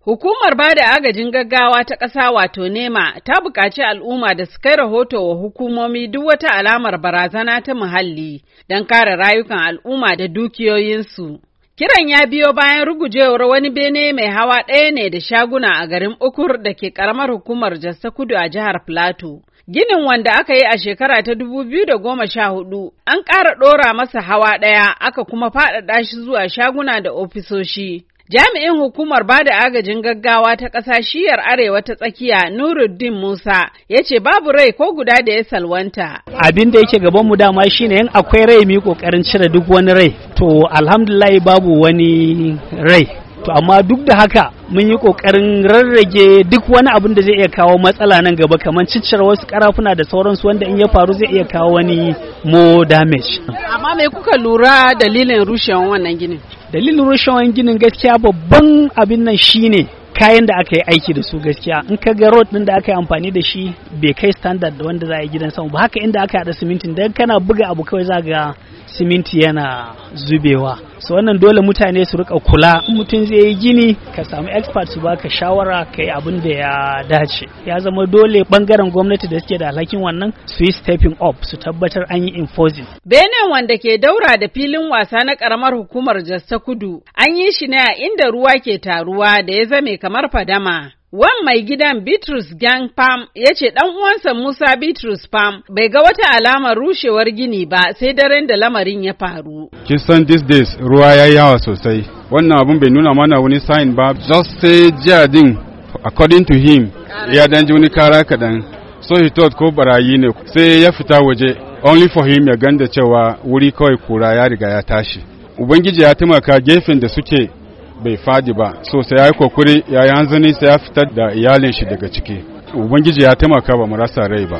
Hukumar ba da agajin gaggawa ta ƙasa wato nema ta buƙaci al'umma da su kai rahoto wa hukumomi duk wata alamar barazana ta muhalli don kare rayukan al'umma da dukiyoyinsu. Kiran ya biyo bayan rugujewar wani bene mai hawa ɗaya ne da shaguna a garin Ukur da ke ƙaramar hukumar Jassa Kudu a jihar Filato. Ginin wanda aka yi a shekara ta dubu biyu da goma sha hudu, an ƙara ɗora masa hawa ɗaya aka kuma faɗaɗa shi zuwa shaguna da ofisoshi. Jami'in hukumar ba da agajin gaggawa ta ƙasa shiyar arewa ta tsakiya Nuruddin Musa ya ce babu rai ko guda da ya salwanta. Abin da yake gaban mu dama shine in akwai rai mu kokarin cire duk wani rai. To alhamdulillah babu wani rai. To amma duk da haka mun yi kokarin rarrage duk wani abin da zai iya kawo matsala nan gaba kamar ciccire wasu karafuna da sauransu wanda in ya faru zai iya kawo wani mo damage amma me kuka lura dalilin rushewan wannan ginin dalilin rushewan ginin gaskiya babban abin nan shine kayan da aka yi aiki da su gaskiya in ka ga road din da aka yi amfani da shi bai kai standard da wanda za a yi gidan sama ba haka inda aka hada simintin dan kana buga abu kawai za ga siminti yana zubewa so wannan dole mutane su rika kula mutum zai yi gini ka samu expert su baka shawara kai yi abin da ya dace ya zama dole bangaren gwamnati da suke da alhakin wannan su yi stepping up su tabbatar an yi enforcing benin wanda ke daura da filin wasa na karamar hukumar jasta kudu an yi shi ne a inda ruwa ke taruwa da ya zame kamar fadama Wan mai gidan Bitrus Gang Pam ya ce ɗan uwansa Musa Bitrus Pam bai ga wata alamar rushewar gini ba sai daren da lamarin ya faru. Kisan this days ruwa ya yawa sosai. Wannan abun bai nuna mana wani sign ba. Just say jiya din according to him ya dan ji wani kara kaɗan. So he thought ko barayi ne sai ya fita waje only for him ya ganda cewa wuri kawai kura ya riga ya tashi. Ubangiji ya taimaka gefen da suke bai fadi ba so sai ya yi kokuri ya yi hanzani sai ya fitar da iyalin shi daga ciki ubangiji ya taimaka ba marasa rai ba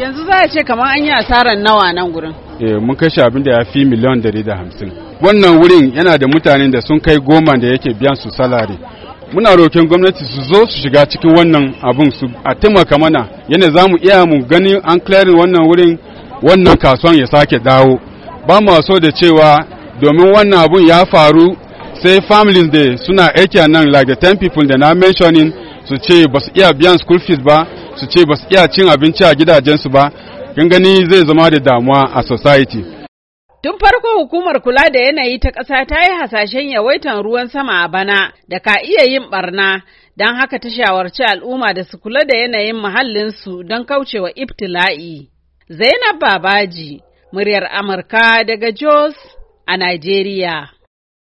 yanzu za a ce kamar an yi asarar nawa nan gurin eh mun kashe abin da ya fi miliyan dari da hamsin wannan wurin yana da mutanen da sun kai goma da yake biyan su salari muna roken gwamnati su zo su shiga cikin wannan abun su a taimaka mana yana za mu iya mu gani an clearing wannan wurin wannan kasuwan ya sake dawo ba mu so da cewa domin wannan abun ya faru sai families da suna aiki a nan like the 10 people da na mentioning su ce ba su iya biyan school fees ba su ce ba su iya cin abinci a gidajensu ba gangani zai zama da damuwa a society Tun farko hukumar kula da yanayi ta ƙasa ta yi hasashen yawaitan ruwan sama a bana da ka iya yin barna don haka ta shawarci al'umma da su kula da yanayin muhallinsu don kaucewa Iftila'i. Zainab Babaji, muryar Amurka daga Jos a Najeriya.